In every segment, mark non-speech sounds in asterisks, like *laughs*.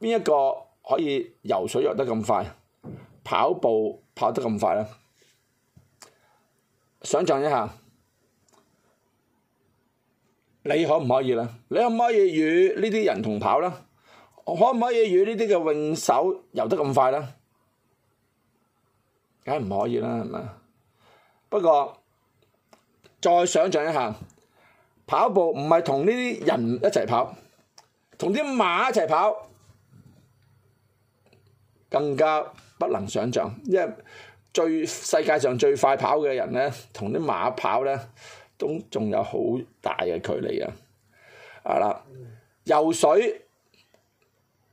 邊一個可以游水游得咁快，跑步跑得咁快咧？想象一下，你可唔可以咧？你可唔可以與呢啲人同跑咧？我可唔可以與呢啲嘅泳手游得咁快咧？梗係唔可以啦，係咪？不過再想象一下，跑步唔係同呢啲人一齊跑，同啲馬一齊跑。更加不能想像，因為最世界上最快跑嘅人咧，同啲馬跑咧，都仲有好大嘅距離啊！啊啦，游水，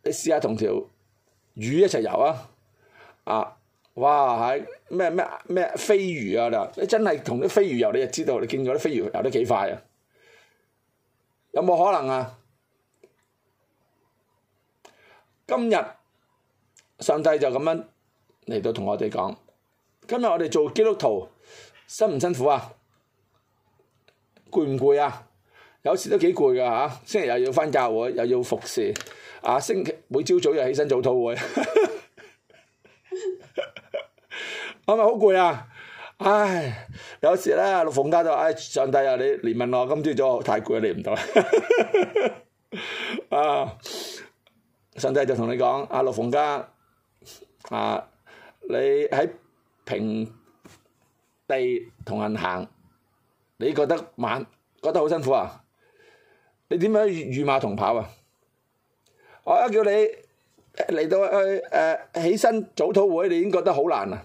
你試下同條魚一齊游啊！啊，哇係咩咩咩飛魚啊你，你真係同啲飛魚游，你就知道你見過啲飛魚游得幾快啊？有冇可能啊？今日。上帝就咁樣嚟到同我哋講，今日我哋做基督徒，辛唔辛苦啊？攰唔攰啊？有時都幾攰噶嚇，星期日又要翻教會，又要服侍，啊星期每朝早又起身做早會，咁咪好攰啊！唉，有時咧，陸鳳嘉就話：唉，上帝啊，你憐憫我，今朝早太攰，嚟唔到啦！啊，上帝就同你講，阿陸鳳嘉。啊！你喺平地同人行，你覺得慢，覺得好辛苦啊！你點樣與馬同跑啊？我一叫你嚟到去誒起身早禱會，你已經覺得好難啦！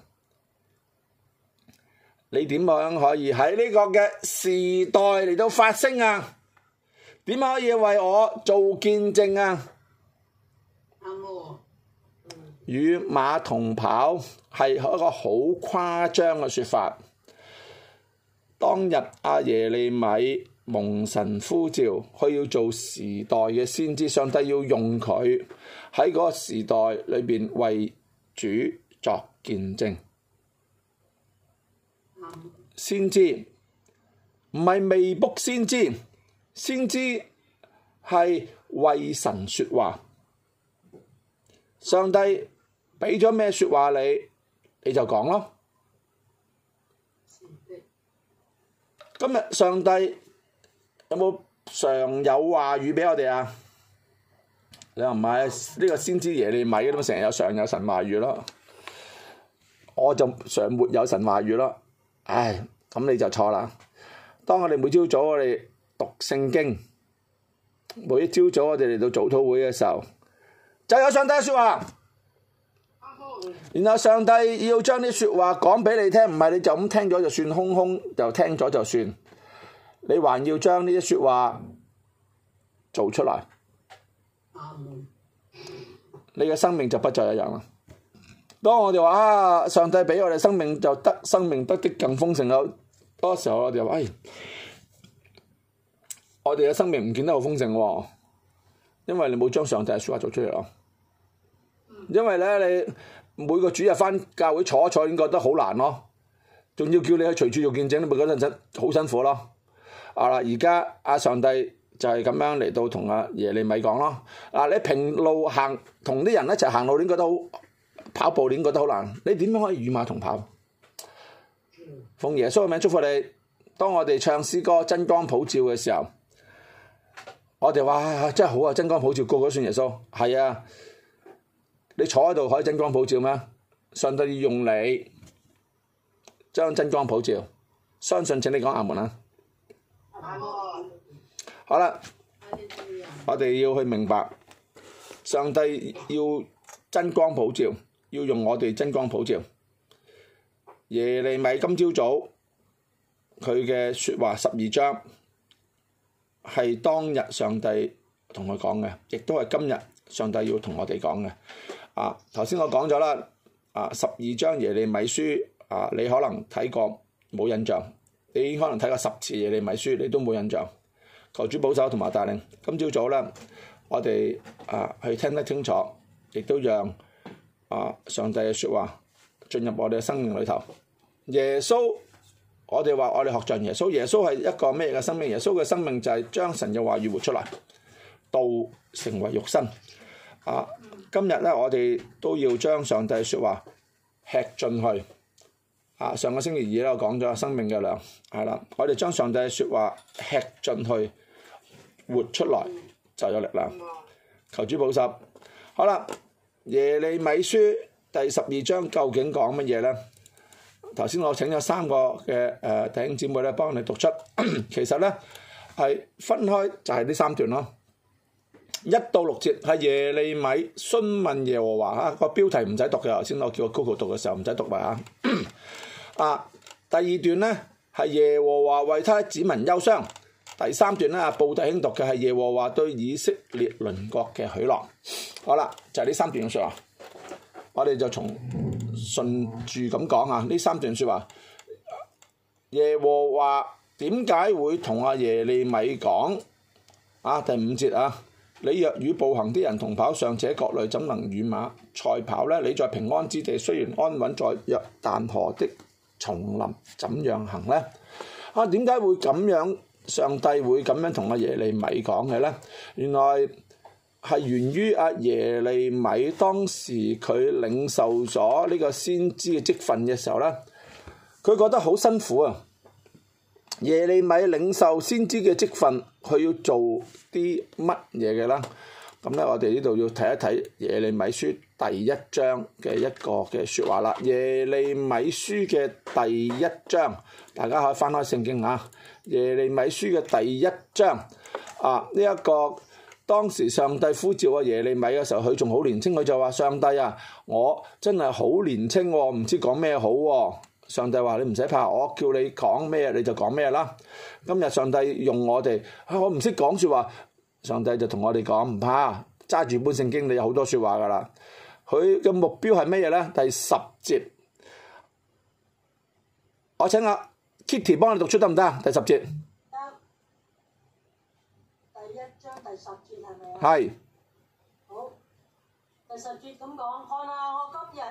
你點樣可以喺呢個嘅時代嚟到發聲啊？點可以為我做見證啊？與馬同跑係一個好誇張嘅説法。當日阿耶利米蒙神呼召，佢要做時代嘅先知，上帝要用佢喺嗰個時代裏邊為主作見證。先知唔係未卜先知，先知係為神說話，上帝。俾咗咩說話你，你就講咯。今日上帝有冇常有話語畀我哋啊？你話唔係？呢個先知耶利米都咪成日有常有神話語咯。我就常沒有神話語咯。唉，咁你就錯啦。當我哋每朝早我哋讀聖經，每朝早我哋嚟到早禱會嘅時候，就有上帝說話。然後上帝要將啲說話講俾你聽，唔係你就咁聽咗就算，空空就聽咗就算，你還要將呢啲說話做出嚟，你嘅生命就不再一樣啦。當我哋話啊，上帝俾我哋生命就得，生命得的更豐盛咯。多時候我哋話，哎，我哋嘅生命唔見得好豐盛喎，因為你冇將上帝嘅說話做出嚟咯。因為咧，你。每個主日翻教會坐一坐應該都好難咯，仲要叫你去隨處做見證，你咪嗰陣好辛苦咯。啊啦，而家阿上帝就係咁樣嚟到同阿耶利米講咯。啊，你平路行同啲人一齊行路，你覺得好？跑步你覺得好難？你點樣可以與馬同跑？奉耶穌嘅名祝福你。當我哋唱詩歌、真光普照嘅時候，我哋話真係好啊！真光普照，個個算耶穌，係啊。你坐喺度可以真光普照咩？上帝要用你將真光普照，相信請你講阿門啦。阿門，好啦，我哋要去明白上帝要真光普照，要用我哋真光普照。耶利米今朝早佢嘅説話十二章係當日上帝同佢講嘅，亦都係今日上帝要同我哋講嘅。啊！頭先我講咗啦，啊十二章耶利米書，啊你可能睇過冇印象，你可能睇過十次耶利米書，你都冇印象。求主保守同埋帶領。今朝早咧，我哋啊去聽得清楚，亦都讓啊上帝嘅説話進入我哋嘅生命裏頭。耶穌，我哋話我哋學像耶穌，耶穌係一個咩嘅生命？耶穌嘅生命就係將神嘅話語活出來，道成為肉身，啊！今日咧，我哋都要將上帝説話吃進去，啊，上個星期二咧，我講咗生命嘅糧，係啦，我哋將上帝説話吃進去，活出來就有力量，求主保守，好啦，《耶利米書》第十二章究竟講乜嘢咧？頭先我請咗三個嘅誒、呃、弟兄姊妹咧，幫你哋讀出， *coughs* 其實咧係分開就係呢三段咯。一到六節係耶利米詢問耶和華嚇、啊個標題唔使讀嘅，頭先我叫阿 Koko 讀嘅時候唔使讀埋嚇。啊，第二段咧係耶和華為他子民憂傷。第三段咧，布蒂兄讀嘅係耶和華對以色列鄰國嘅許諾。好啦，就係、是、呢三段説話。我哋就從順住咁講啊，呢三段説話，耶和華點解會同阿耶利米講啊？第五節啊！你若與步行啲人同跑，尚且覺累，怎能與馬賽跑呢？你在平安之地，雖然安穩，在約但河的叢林，怎樣行呢？啊，點解會咁樣？上帝會咁樣同阿耶利米講嘅呢？原來係源於阿、啊、耶利米當時佢領受咗呢個先知嘅職分嘅時候呢，佢覺得好辛苦啊！耶利米領受先知嘅職分。佢要做啲乜嘢嘅啦？咁咧，我哋呢度要睇一睇耶利米書第一章嘅一個嘅説話啦。耶利米書嘅第一章，大家可以翻開聖經啊。耶利米書嘅第一章，啊呢一個當時上帝呼召啊耶利米嘅時候，佢仲好年青，佢就話：上帝啊，我真係好年青喎，唔知講咩好喎。上帝話：你唔使怕，我叫你講咩你就講咩啦。今日上帝用我哋、哎，我唔識講説話，上帝就同我哋講唔怕，揸住本聖經你有好多説話噶啦。佢嘅目標係咩嘢咧？第十節，我請阿 Kitty 幫你讀出得唔得？第十節，第一章第十節係咪？係。是好，第十節咁講，看下、啊、我今日。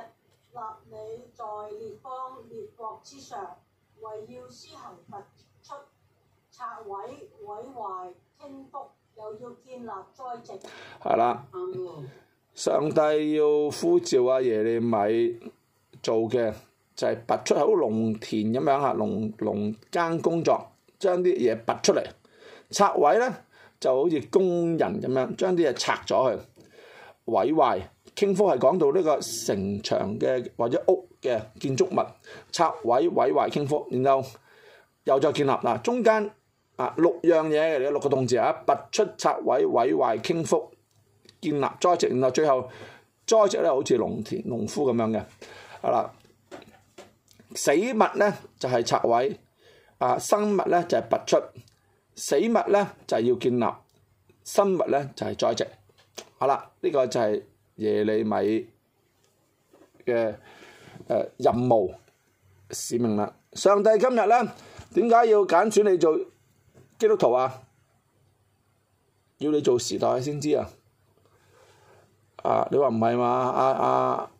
立你在列邦列國之上，為要施行拔出拆毀毀壞傾覆，又要建立栽植。係啦的，嗯、上帝要呼召阿、啊、耶利米做嘅就係、是、拔出好似農田咁樣啊，農農耕工作將啲嘢拔出嚟，拆毀咧就好似工人咁樣，將啲嘢拆咗去，毀壞，傾覆係講到呢個城牆嘅或者屋嘅建築物，拆毀毀壞傾覆，然後又再建立。嗱，中間啊六樣嘢嚟嘅，六個動詞啊，拔出、拆毀、毀壞、傾覆、建立、栽植，然後最後栽植咧好似農田農夫咁樣嘅啊啦。死物咧就係拆毀啊，生物咧就係拔出，死物咧就係要建立，生物咧就係栽植。好啦，呢個就係。耶利米嘅、呃、任務使命啦，上帝今日咧點解要揀選你做基督徒啊？要你做時代先知啊？啊，你話唔係嘛？啊啊，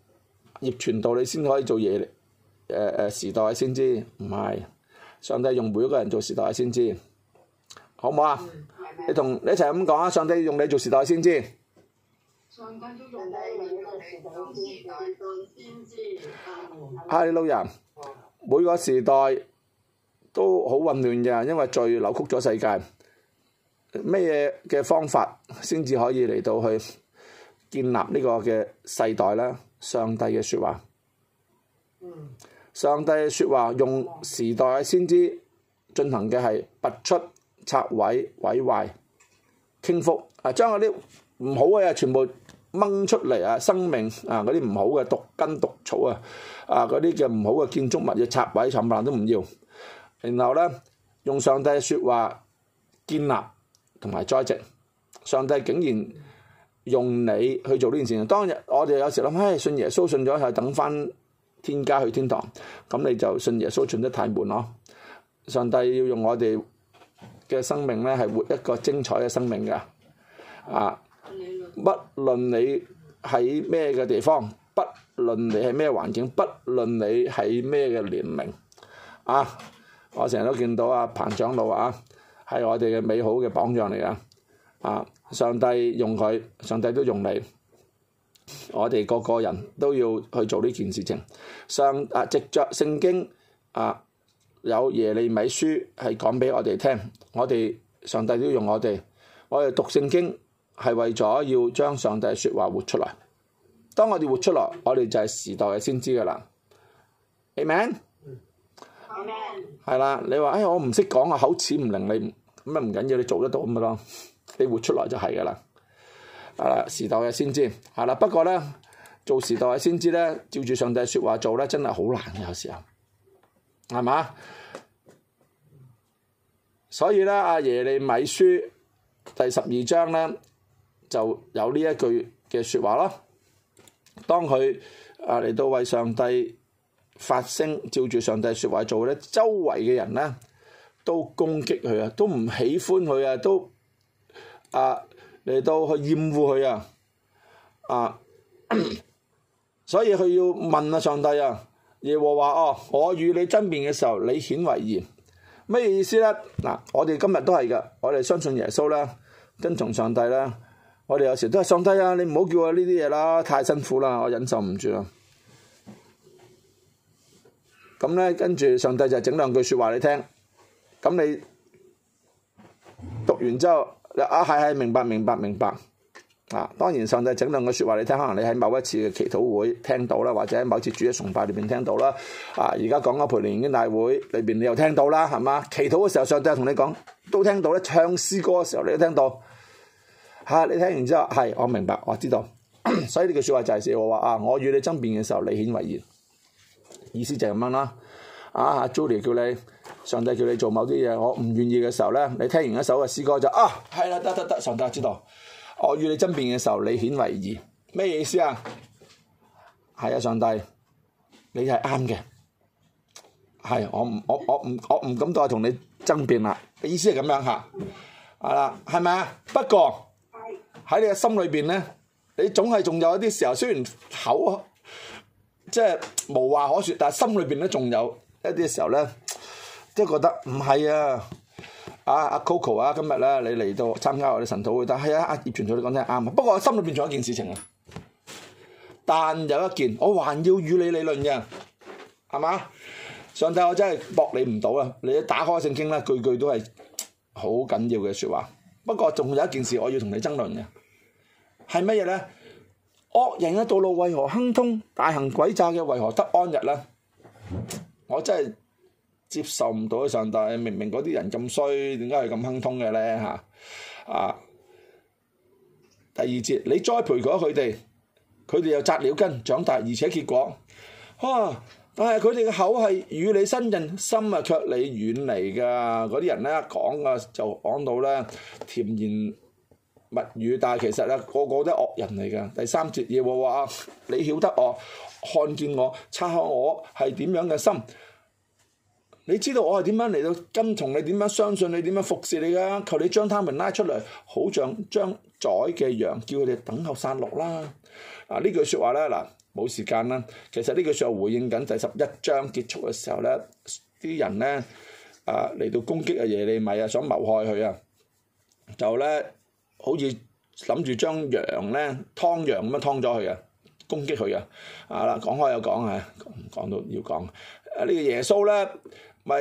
葉傳道你先可以做耶利誒誒時代先知，唔係上帝用每一個人做時代先知，好唔好啊？你同你一齊咁講啊！上帝用你做時代先知。上帝都用你每個時代先知。係，老人每個時代都好混亂㗎，因為罪扭曲咗世界。咩嘢嘅方法先至可以嚟到去建立呢個嘅世代咧？上帝嘅説話。嗯。上帝嘅説話用時代先知進行嘅係拔出、拆毀、毀壞、傾覆啊！將嗰啲。唔好嘅嘢全部掹出嚟啊！生命啊，嗰啲唔好嘅毒根毒草啊，啊嗰啲叫唔好嘅建築物嘅拆毀，冚唪唥都唔要。然後咧，用上帝嘅説話建立同埋栽植。上帝竟然用你去做呢件事。當日我哋有時諗，唉，信耶穌信咗係等翻天家去天堂。咁你就信耶穌信得太悶咯。上帝要用我哋嘅生命咧，係活一個精彩嘅生命㗎，啊！不論你喺咩嘅地方，不論你係咩環境，不論你喺咩嘅年齡，啊！我成日都見到阿彭長老啊，係、啊、我哋嘅美好嘅榜樣嚟啊！啊！上帝用佢，上帝都用你，我哋個個人都要去做呢件事情。上啊，藉著聖經啊，有耶利米書係講俾我哋聽，我哋上帝都用我哋，我哋讀聖經。係為咗要將上帝嘅說話活出來。當我哋活出來，我哋就係時代嘅先知噶啦 Amen.。Amen？Amen。係啦，你話誒，我唔識講啊，口齒唔伶俐，咁啊唔緊要，你做得到咁咪咯。你活出來就係噶啦。啊，時代嘅先知係啦。不過咧，做時代嘅先知咧，照住上帝嘅說話做咧，真係好難嘅有時候，係嘛？所以咧，阿、啊、耶利米書第十二章咧。就有呢一句嘅説話啦。當佢啊嚟到為上帝發聲，照住上帝説話做咧，周圍嘅人咧都攻擊佢啊，都唔喜歡佢啊，都啊嚟到去厭惡佢啊啊！所以佢要問啊，上帝啊，耶和華哦，我與你爭辯嘅時候，你顯為義，咩意思咧？嗱、啊，我哋今日都係㗎，我哋相信耶穌啦，跟從上帝啦。我哋有時都係上帝啊！你唔好叫我呢啲嘢啦，太辛苦啦，我忍受唔住啦。咁咧，跟住上帝就整兩句説話你聽。咁你讀完之後，你啊係係明白明白明白。啊，當然上帝整兩句説話你聽，可能你喺某一次嘅祈禱會聽到啦，或者喺某次主日崇拜裏邊聽到啦。啊，而家講緊培靈研經大會裏邊你又聽到啦，係嘛？祈禱嘅時候上帝同你講都聽到咧，唱詩歌嘅時候你都聽到。係、啊，你聽完之後，係我明白，我知道， *coughs* 所以呢句說話就係、是、寫我話啊，我與你爭辯嘅時候，你顯為義，意思就係咁樣啦。啊，Julie 叫你，上帝叫你做某啲嘢，我唔願意嘅時候咧，你聽完一首嘅詩歌就啊，係啦，得得得，上帝知道。我與你爭辯嘅時候，你顯為義，咩意思啊？係啊，上帝，你係啱嘅，係我唔我我唔我唔敢再同你爭辯啦。意思係咁樣吓，啊，係咪啊？不過。喺你嘅心裏邊咧，你總係仲有一啲時候，雖然口即係無話可説，但係心裏邊咧仲有一啲時候咧，即係覺得唔係啊！啊阿 Coco 啊，今日咧你嚟到參加我哋神討會，但係啊阿、啊、葉傳道你講得係啱啊。不過我心裏邊仲有一件事情啊，但有一件我還要與你理論嘅，係嘛？上帝我真係駁你唔到啊。你一打開聖經咧，句句都係好緊要嘅説話。不過仲有一件事我要同你爭論嘅。係乜嘢呢？惡人嘅道路為何亨通？大行詭詐嘅為何得安逸呢？我真係接受唔到啊！上帝，明明嗰啲人咁衰，點解係咁亨通嘅呢？嚇啊！第二節，你栽培咗佢哋，佢哋又扎了根長大，而且結果，哇、啊！但係佢哋嘅口係與你親近，心啊卻你遠離嘅。嗰啲人呢，講啊就講到呢甜言。物語，但係其實咧個個都係惡人嚟㗎。第三節嘢話：你曉得我，看見我，察下我係點樣嘅心？你知道我係點樣嚟到跟同你，點樣相信你，點樣服侍你啊？求你將他們拉出嚟，好像將宰嘅羊，叫佢哋等候散落啦。啊！句呢句説話咧，嗱冇時間啦。其實呢句説話回應緊第十一章結束嘅時候咧，啲人咧啊嚟到攻擊啊耶利米啊，想謀害佢啊，就咧。好似諗住將羊咧，劏羊咁樣劏咗佢啊，攻擊佢啊，啊啦講開又講啊，講到要講，啊呢個耶穌咧，咪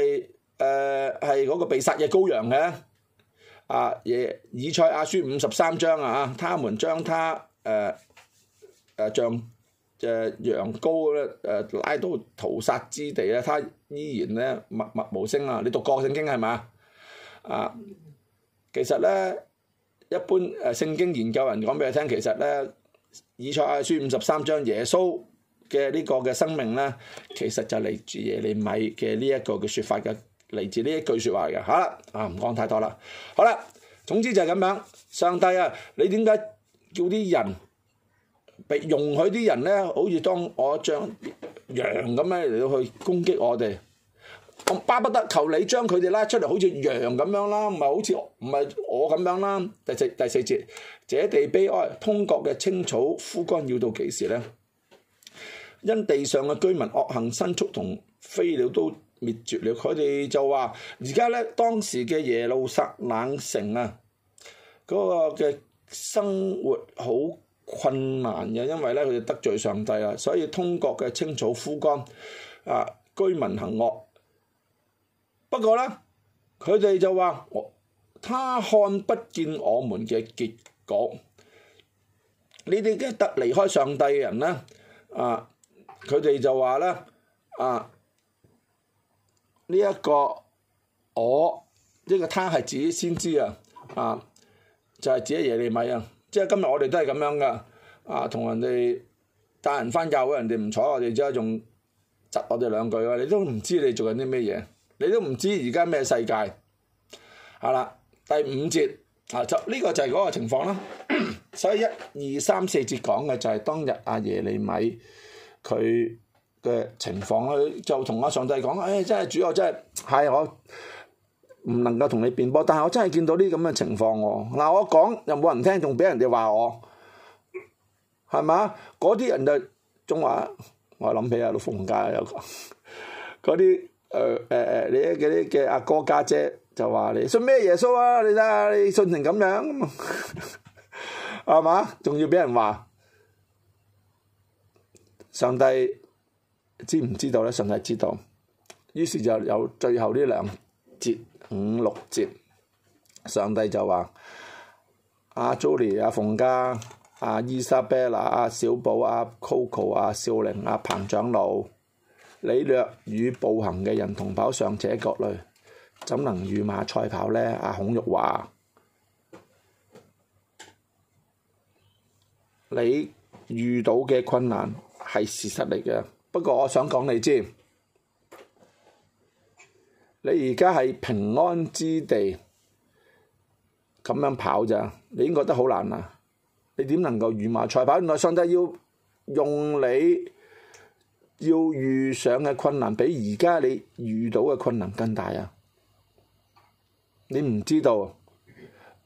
誒係嗰個被殺嘅羔羊嘅，啊耶，以賽亞書五十三章啊，啊，他們將他誒誒像誒羊羔咁樣誒拉到屠殺之地咧，他依然咧默默無聲啊，你讀過聖經係嘛？啊，其實咧。一般誒聖經研究人講俾你聽，其實咧以賽亞書五十三章耶穌嘅呢個嘅生命咧，其實就嚟自耶利米嘅呢一個嘅説法嘅，嚟自呢一句説話嘅。好啦，啊唔講太多啦，好啦，總之就係咁樣，上帝啊，你點解叫啲人被容許啲人咧，好似當我像羊咁樣嚟到去攻擊我哋？巴不得求你將佢哋拉出嚟，好似羊咁樣啦，唔係好似唔係我咁樣啦。第四第四節，這地悲哀，通國嘅青草枯乾，要到幾時呢？因地上嘅居民惡行，牲畜同飛鳥都滅絕了。佢哋就話：而家咧，當時嘅耶路撒冷城啊，嗰個嘅生活好困難嘅，因為咧佢哋得罪上帝啦，所以通國嘅青草枯乾，啊，居民行惡。不過咧，佢哋就話我，他看不見我們嘅結果。你哋嘅得離開上帝嘅人咧，啊，佢哋就話咧，啊，呢、這、一個我，呢、這個他係自己先知啊，啊，就係、是、自己耶你咪啊，即係今日我哋都係咁樣噶，啊，同人哋帶人翻教會，人哋唔睬我哋，之係仲窒我哋兩句啊。你都唔知你做緊啲咩嘢。你都唔知而家咩世界，係啦！第五節啊，就呢個就係嗰個情況啦。所以一二三四節講嘅就係當日阿耶利米佢嘅情況，佢就同阿上帝講，誒，真係主要，真係，係我唔能夠同你辯駁，但係我真係見到啲咁嘅情況喎。嗱，我講又冇人聽，仲俾人哋話我，係咪啊？嗰啲人就仲話，我諗起阿老鳳家有講嗰啲。誒誒誒，你啲嘅阿哥家姐，姐就話你信咩耶穌啊？你睇下你信成咁樣，係 *laughs* 嘛？仲要畀人話上帝知唔知道咧？上帝知道，於是就有最後呢兩節五六節，上帝就話阿朱莉、阿、啊、馮、啊、家、阿伊莎貝娜、阿、啊、小寶、阿、啊、Coco、啊、阿少玲、阿、啊、彭長老。你若與步行嘅人同跑，尚且各類，怎能與馬賽跑呢？阿孔玉華：你遇到嘅困難係事實嚟嘅。不過我想講你知，你而家係平安之地，咁樣跑咋？你已經覺得好難啊？你點能夠與馬賽跑？原來上帝要用你。要遇上嘅困難比而家你遇到嘅困難更大啊！你唔知道，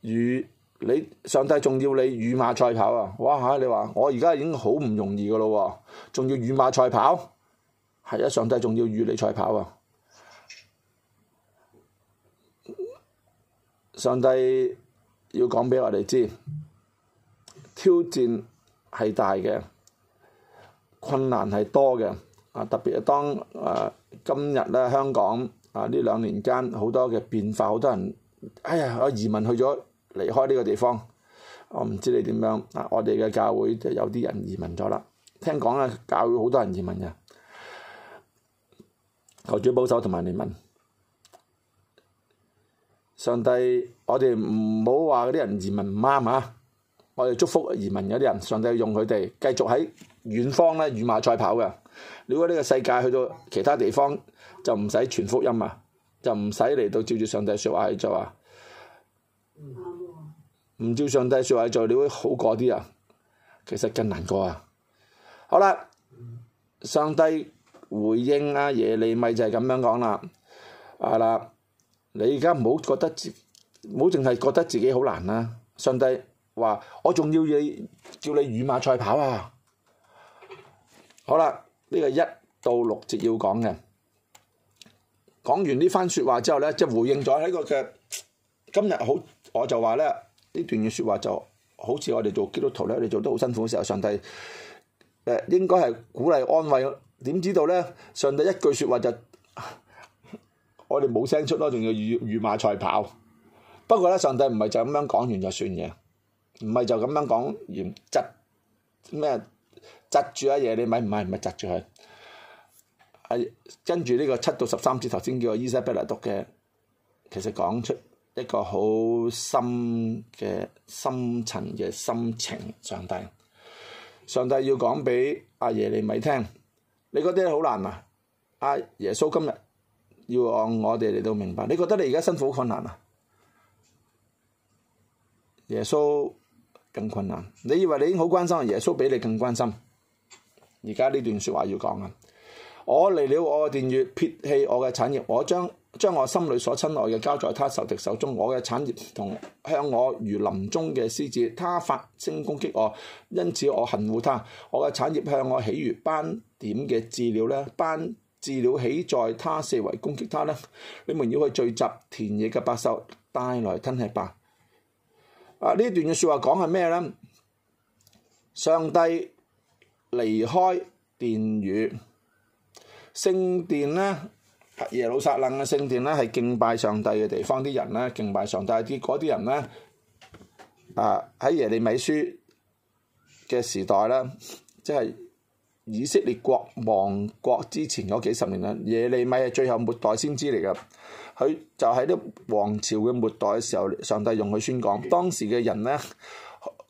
與你上帝仲要你與馬賽跑啊！哇嚇！你話我而家已經好唔容易㗎喇喎，仲要與馬賽跑，係啊！上帝仲要與你賽跑啊！上帝要講畀我哋知，挑戰係大嘅，困難係多嘅。啊！特別當啊，今日咧香港啊呢兩年間好多嘅變化，好多人，哎呀，有移民去咗，離開呢個地方。我唔知你點樣啊，我哋嘅教會就有啲人移民咗啦。聽講啊，教會好多人移民嘅，求主保守同埋憐憫。上帝，我哋唔好話嗰啲人移民唔啱嚇。我哋祝福移民嗰啲人，上帝用佢哋繼續喺遠方咧與馬賽跑嘅。如果呢個世界去到其他地方，就唔使傳福音啊，就唔使嚟到照住上帝説話去做啊。唔照上帝説話去做，你會好過啲啊？其實更難過啊！好啦，上帝回應啊，耶利米就係咁樣講啦。係、啊、啦，你而家唔好覺得，唔好淨係覺得自己好難啦，上帝。話我仲要你叫你與馬賽跑啊！好啦，呢個一到六節要講嘅。講完呢番說話之後咧，即係回應咗喺、這個嘅今日好，我就話咧，呢段嘅說話就好似我哋做基督徒咧，我哋做得好辛苦嘅時候，上帝誒、呃、應該係鼓勵安慰。點知道咧，上帝一句說話就 *laughs* 我哋冇聲出咯，仲要與與馬賽跑。不過咧，上帝唔係就咁樣講完就算嘅。唔係就咁樣講，窒咩窒住阿耶利米，唔係，唔係窒住佢。係跟住呢個七到十三節，頭先叫伊莎貝拉讀嘅，其實講出一個好深嘅、深層嘅心情。上帝，上帝要講俾阿耶利米聽，你覺得好難啊！阿耶穌今日要按我哋嚟到明白，你覺得你而家辛苦好困難啊？耶穌，更困難，你以為你已經好關心，耶穌比你更關心。而家呢段説話要講啊，我離了我嘅殿宇，撇棄我嘅產業，我將將我心裡所親愛嘅交在他仇敵手中。我嘅產業同向我如林中嘅獅子，他發聲攻擊我，因此我恨惡他。我嘅產業向我豈如斑點嘅鷙鳥咧？斑鷙鳥豈在他四圍攻擊他咧？你們要去聚集田野嘅百獸，帶來吞吃吧。.啊！呢段嘅説話講係咩咧？上帝離開殿宇，聖殿咧，耶路撒冷嘅聖殿咧係敬拜上帝嘅地方呢，啲人咧敬拜上帝，結果啲人咧啊喺耶利米書嘅時代咧，即係以色列國亡國之前嗰幾十年咧，耶利米係最後末代先知嚟嘅。佢就喺啲王朝嘅末代嘅時候，上帝用佢宣講。當時嘅人咧，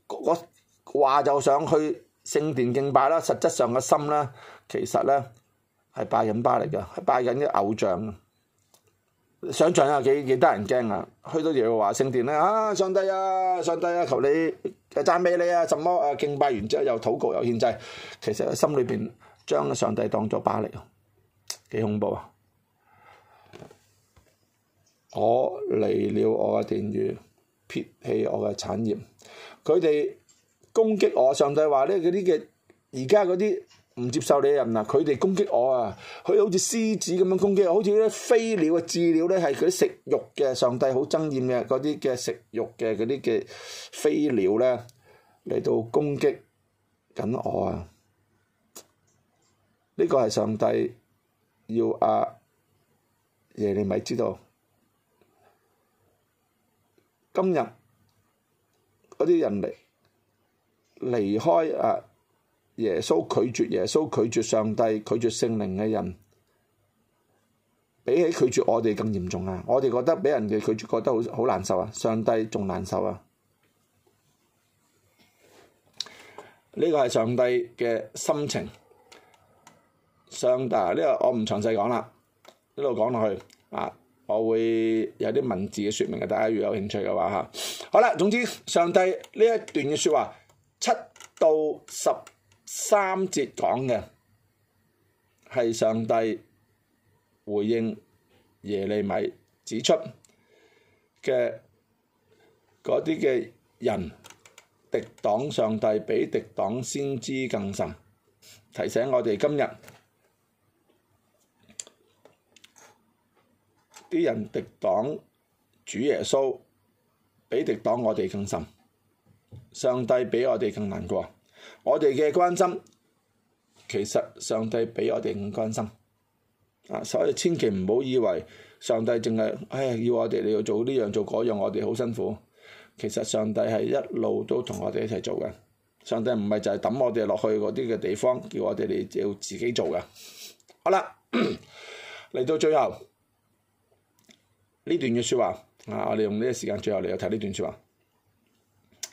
個話就想去聖殿敬拜啦，實質上嘅心咧，其實咧係拜緊巴嚟㗎，係拜緊啲偶像。想象下幾幾得人驚啊！去到耶和華聖殿咧，啊上帝啊上帝啊，求你讚美你啊，什麼啊敬拜完之後又禱告又獻祭，其實心裏邊將上帝當咗巴嚟啊，幾恐怖啊！我離了我嘅殿宇，撇棄我嘅產業。佢哋攻擊我，上帝話咧：嗰啲嘅而家嗰啲唔接受你嘅人嗱，佢哋攻擊我啊！佢好似獅子咁樣攻擊我，好似啲飛鳥嘅鷙鳥咧係佢食肉嘅，上帝好憎厭嘅嗰啲嘅食肉嘅嗰啲嘅飛鳥咧嚟到攻擊緊我啊！呢個係上帝要啊，耶利米知道。今日嗰啲人嚟離開啊！耶穌拒絕耶穌拒絕上帝拒絕聖靈嘅人，比起拒絕我哋更嚴重啊！我哋覺得俾人哋拒絕覺得好好難受啊！上帝仲難受啊！呢個係上帝嘅心情。上帝呢個我唔詳細講啦，一路講落去啊！我會有啲文字嘅説明嘅，大家如果有興趣嘅話嚇，好啦，總之上帝呢一段嘅説話，七到十三節講嘅係上帝回應耶利米指出嘅嗰啲嘅人，敵擋上帝比敵擋先知更甚，提醒我哋今日。啲人敵擋主耶穌，比敵擋我哋更深。上帝比我哋更難過。我哋嘅關心，其實上帝比我哋更關心。啊，所以千祈唔好以為上帝淨係哎呀要我哋你要做呢樣做嗰樣，我哋好辛苦。其實上帝係一路都同我哋一齊做嘅。上帝唔係就係抌我哋落去嗰啲嘅地方，叫我哋你要自己做嘅。好啦，嚟 *coughs* 到最後。呢段嘅説話，啊，我哋用呢個時間最後嚟又睇呢段説話。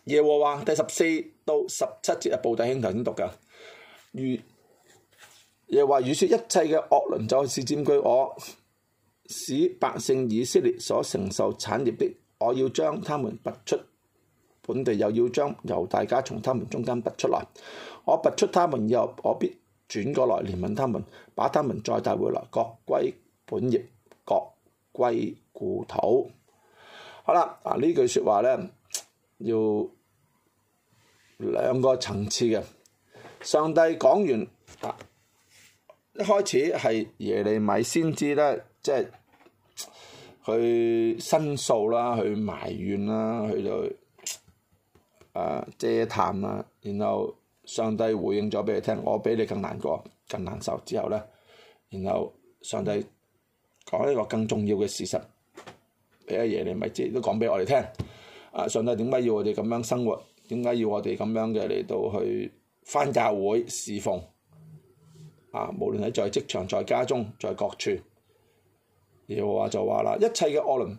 耶和華第十四到十七節啊，布弟兄頭先讀噶。如耶和華，如説一切嘅惡鄰就是佔據我，使百姓以色列所承受產業的，我要將他們拔出本地，又要將猶大家從他們中間拔出來。我拔出他們以後，我必轉過來憐憫他們，把他們再帶回來，各歸本業，各歸故土，好啦，啊呢句說話咧，要兩個層次嘅。上帝講完，啊、一開始係耶利米先知咧，即係去申訴啦，去埋怨啦，去就啊嗟嘆啦，然後上帝回應咗俾佢聽，我比你更難過、更難受。之後咧，然後上帝講一個更重要嘅事實。阿爺，你咪知都講俾我哋聽，啊！上帝點解要我哋咁樣生活？點解要我哋咁樣嘅嚟到去返教會侍奉？啊！無論係在職場、在家中、在各處，耶和華就話啦，一切嘅惡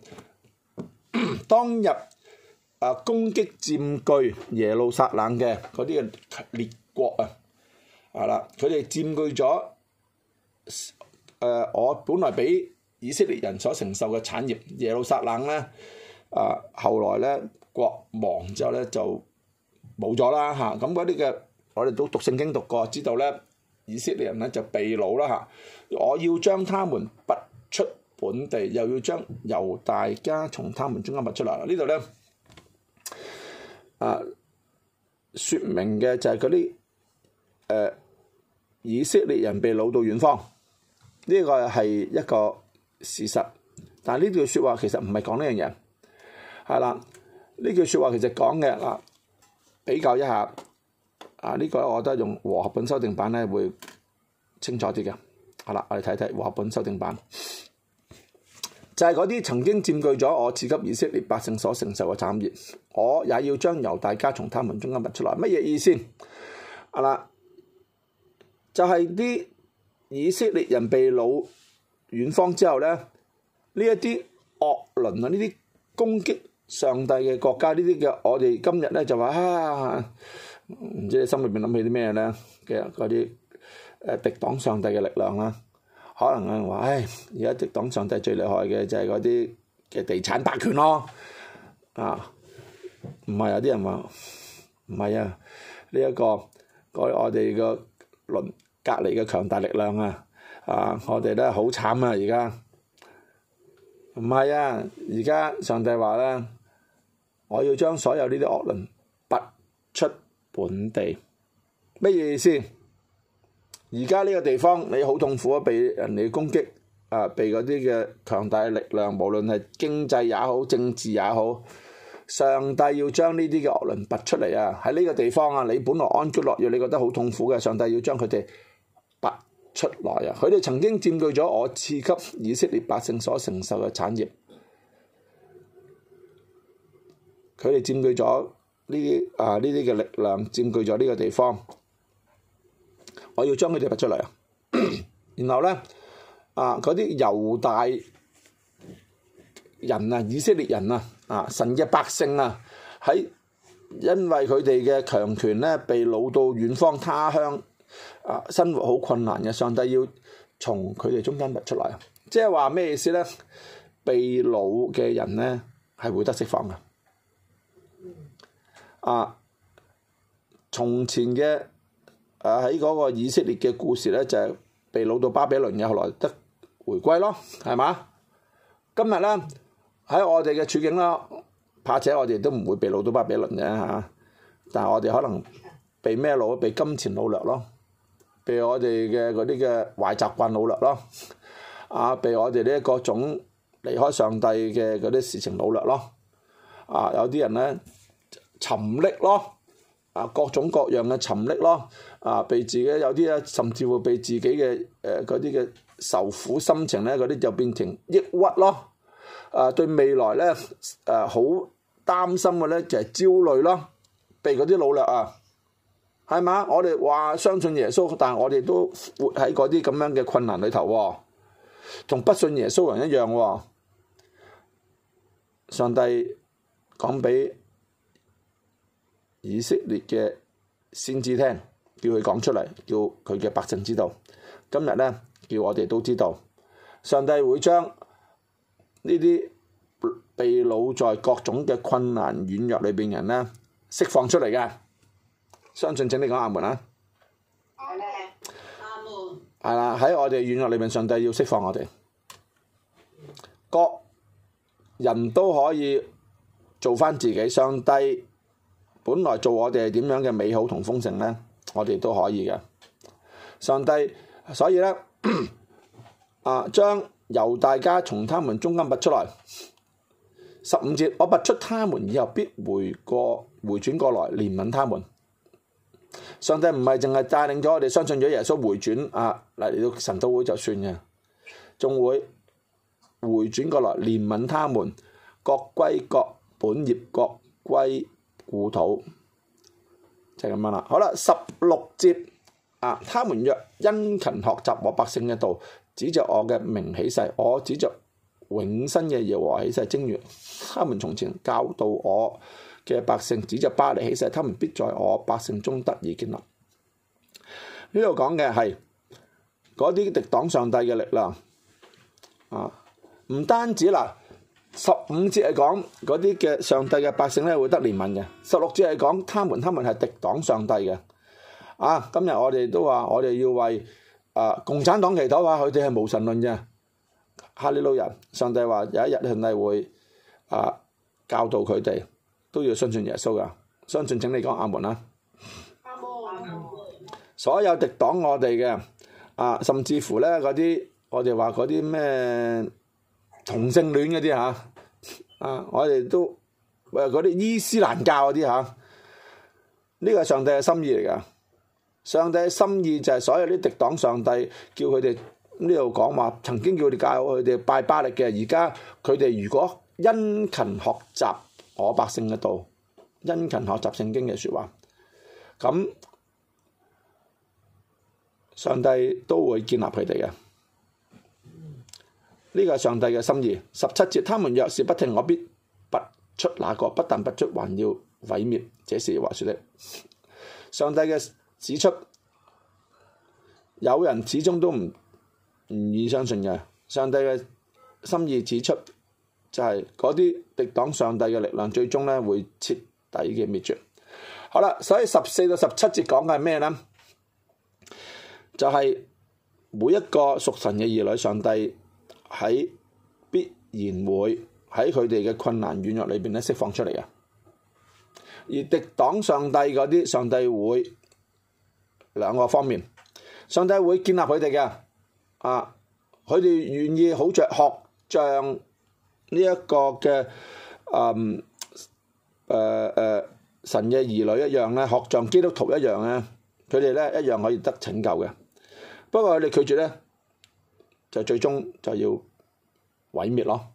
鄰當日啊，攻擊佔據耶路撒冷嘅嗰啲列國啊，係啦，佢哋佔據咗誒，我本來俾。以色列人所承受嘅產業，耶路撒冷咧，啊，後來咧國亡之後咧就冇咗啦嚇。咁嗰啲嘅我哋都讀聖經讀過，知道咧以色列人咧就被擄啦嚇。我要將他們拔出本地，又要將猶大家從他們中間拔出嚟啦。呢度咧啊，説明嘅就係嗰啲誒以色列人被擄到遠方，呢個係一個。事實，但係呢條説話其實唔係講呢樣嘢，係啦。呢句説話其實講嘅啦，比較一下，啊呢、這個我覺得用和合本修訂版咧會清楚啲嘅，好啦，我哋睇睇和合本修訂版，就係嗰啲曾經佔據咗我賜給以色列百姓所承受嘅產業，我也要將猶大家從他們中間拔出嚟，乜嘢意思？啊啦，就係、是、啲以色列人被擄。遠方之後咧，呢一啲惡鄰啊，呢啲攻擊上帝嘅國家，呢啲嘅我哋今日咧就話啊，唔知你心裏邊諗起啲咩咧？其實嗰啲誒敵擋上帝嘅力量啦，可能有人話，唉，而家敵擋上帝最厲害嘅就係嗰啲嘅地產霸權咯，啊，唔係有啲人話唔係啊，呢一個我我哋個鄰隔離嘅強大力量啊！啊！我哋咧好慘啊！而家唔係啊！而家上帝話啦，我要將所有呢啲惡鄰拔出本地，咩意思？而家呢個地方你好痛苦啊！被人哋攻擊啊！被嗰啲嘅強大嘅力量，無論係經濟也好、政治也好，上帝要將呢啲嘅惡鄰拔出嚟啊！喺呢個地方啊，你本來安居樂業，你覺得好痛苦嘅，上帝要將佢哋出來啊！佢哋曾經佔據咗我賜給以色列百姓所承受嘅產業，佢哋佔據咗呢啲啊，呢啲嘅力量，佔據咗呢個地方。我要將佢哋拔出嚟啊！然後咧，啊，嗰啲猶大人啊、以色列人啊、啊，神嘅百姓啊，喺因為佢哋嘅強權咧，被擄到遠方他鄉。啊，生活好困難嘅，上帝要從佢哋中間拔出嚟。即係話咩意思呢？被擄嘅人呢係會得釋放嘅。啊，從前嘅喺嗰個以色列嘅故事呢，就係、是、被擄到巴比倫嘅，後來得回歸咯，係嘛？今日呢，喺我哋嘅處境啦，怕且我哋都唔會被擄到巴比倫嘅嚇，但係我哋可能被咩擄？被金錢擄掠咯。被我哋嘅嗰啲嘅壞習慣努力咯，啊，被我哋呢各種離開上帝嘅嗰啲事情努力咯，啊，有啲人咧沉溺咯，啊，各種各樣嘅沉溺咯，啊，被自己有啲啊，甚至乎被自己嘅誒嗰啲嘅受苦心情咧，嗰啲就變成抑鬱咯，啊，對未來咧，誒、啊、好擔心嘅咧就係焦慮咯，被嗰啲努力啊！係嘛？我哋話相信耶穌，但係我哋都活喺嗰啲咁樣嘅困難裏頭，同不信耶穌人一樣。上帝講畀以色列嘅先知聽，叫佢講出嚟，叫佢嘅百姓知道。今日咧，叫我哋都知道，上帝會將呢啲被擄在各種嘅困難軟弱裏邊人咧，釋放出嚟嘅。相信請你講阿門啦，阿門係啦，喺我哋軟弱裏面，上帝要釋放我哋，各人都可以做返自己。上帝本來做我哋係點樣嘅美好同豐盛呢，我哋都可以嘅。上帝所以咧，啊，將猶大家從他們中間拔出來，十五節，我拔出他們以後，必回過回轉過來，憐憫他們。上帝唔係淨係帶領咗我哋相信咗耶穌回轉啊，嚟到神都會就算嘅，仲會回轉過來憐憫他們，各歸各本業，各歸故土，就係、是、咁樣啦。好啦，十六節啊，他們若殷勤學習我百姓嘅道，指着我嘅名起誓，我指着永生嘅耶和華起誓，正如他們從前教導我，嘅百姓指著巴力起誓，他們必在我百姓中得以建立。呢度講嘅係嗰啲敵擋上帝嘅力量啊！唔單止嗱，十五節係講嗰啲嘅上帝嘅百姓咧會得憐憫嘅，十六節係講他們，他們係敵擋上帝嘅。啊！今日我哋都話我哋要為啊共產黨祈禱，話佢哋係無神論啫。哈利路亞，上帝話有一日上帝會啊教導佢哋。都要相信耶穌㗎，相信請你講阿門啦。阿門，阿門。所有敵擋我哋嘅，啊，甚至乎咧嗰啲，我哋話嗰啲咩同性戀嗰啲吓，啊，我哋都喂嗰啲伊斯蘭教嗰啲吓，呢個係上帝嘅心意嚟㗎。上帝嘅心意就係所有啲敵擋上帝，叫佢哋咁呢度講話，曾經叫佢哋教佢哋拜巴力嘅，而家佢哋如果殷勤學習。我百姓嘅道，殷勤學習聖經嘅説話，咁上帝都會建立佢哋嘅。呢個係上帝嘅心意。十七節，他們若是不聽，我必拔出那個，不但不出，還要毀滅。這是話説的上帝嘅指出，有人始終都唔唔願相信嘅，上帝嘅心意指出，就係嗰啲敵擋上帝嘅力量最終呢，最終咧會徹底嘅滅絕。好啦，所以十四到十七節講嘅係咩呢？就係、是、每一個屬神嘅兒女，上帝喺必然會喺佢哋嘅困難軟弱裏邊咧釋放出嚟嘅。而敵擋上帝嗰啲，上帝會兩個方面，上帝會建立佢哋嘅。啊，佢哋願意好着學像。呢一個嘅誒誒神嘅兒女一樣咧，學像基督徒一樣咧，佢哋咧一樣可以得拯救嘅。不過佢哋拒絕咧，就最終就要毀滅咯。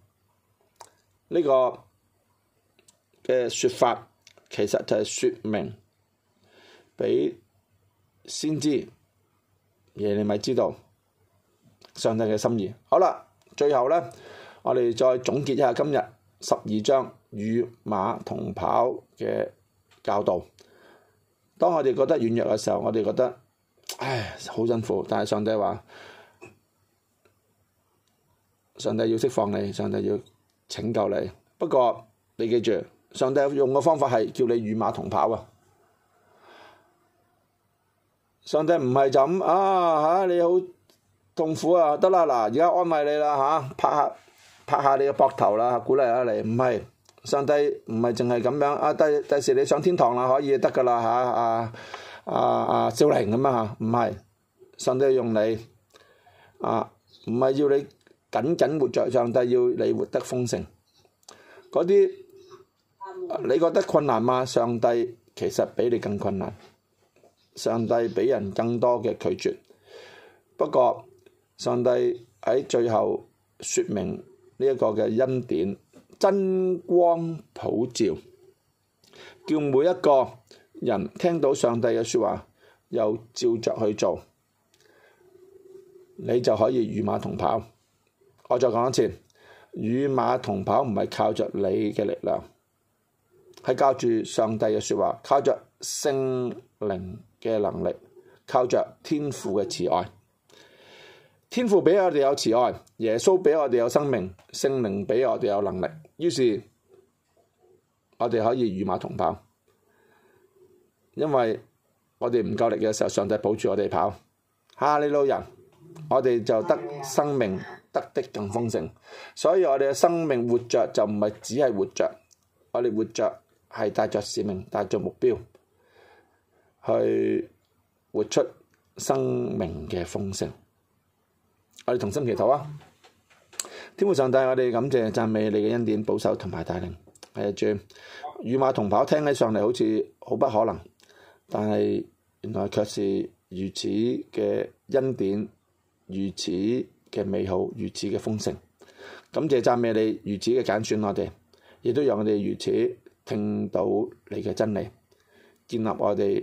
呢、這個嘅説法其實就係説明，俾先知嘢你咪知道上帝嘅心意。好啦，最後咧。我哋再總結一下今日十二章與馬同跑嘅教導。當我哋覺得軟弱嘅時候，我哋覺得唉好辛苦。但係上帝話，上帝要釋放你，上帝要拯救你。不過你記住，上帝用嘅方法係叫你與馬同跑啊！上帝唔係就咁啊！嚇你好痛苦啊！得啦，嗱而家安慰你啦嚇，拍下。拍下你嘅膊頭啦，鼓勵下你。唔係上帝唔係淨係咁樣啊！第第時你上天堂啦，可以得㗎啦嚇啊啊！少靈咁啊嚇，唔係上帝用你啊，唔係要你緊緊活著，上帝要你活得豐盛。嗰啲你覺得困難嗎？上帝其實比你更困難，上帝畀人更多嘅拒絕。不過上帝喺最後説明。呢一個嘅恩典，真光普照，叫每一個人聽到上帝嘅説話，又照着去做，你就可以與馬同跑。我再講一次，與馬同跑唔係靠著你嘅力量，係靠住上帝嘅説話，靠著聖靈嘅能力，靠著天父嘅慈愛。天父俾我哋有慈愛，耶穌俾我哋有生命，聖靈俾我哋有能力，於是我哋可以與馬同跑。因為我哋唔夠力嘅時候，上帝保住我哋跑。哈利路亞！我哋就得生命，得的更豐盛。所以我哋嘅生命活着就唔係只係活着，我哋活着係帶着使命、帶着目標去活出生命嘅豐盛。我哋同心祈禱啊！天父上帝，我哋感謝讚美你嘅恩典、保守同埋帶領。誒，轉與馬同跑，聽起上嚟好似好不可能，但係原來卻是如此嘅恩典，如此嘅美好，如此嘅豐盛。感謝讚美你如此嘅揀選我哋，亦都讓我哋如此聽到你嘅真理，建立我哋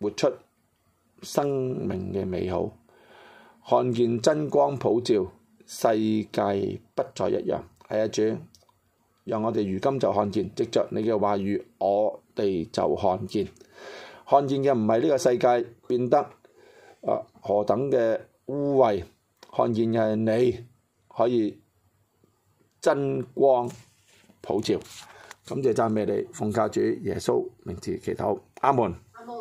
活出生命嘅美好。看見真光普照，世界不再一樣。係、哎、啊，主，讓我哋如今就看見，藉着你嘅話語，我哋就看見。看見嘅唔係呢個世界變得、呃、何等嘅污穢，看見嘅係你可以真光普照。感謝讚美你，奉靠主耶穌名字祈禱，阿門。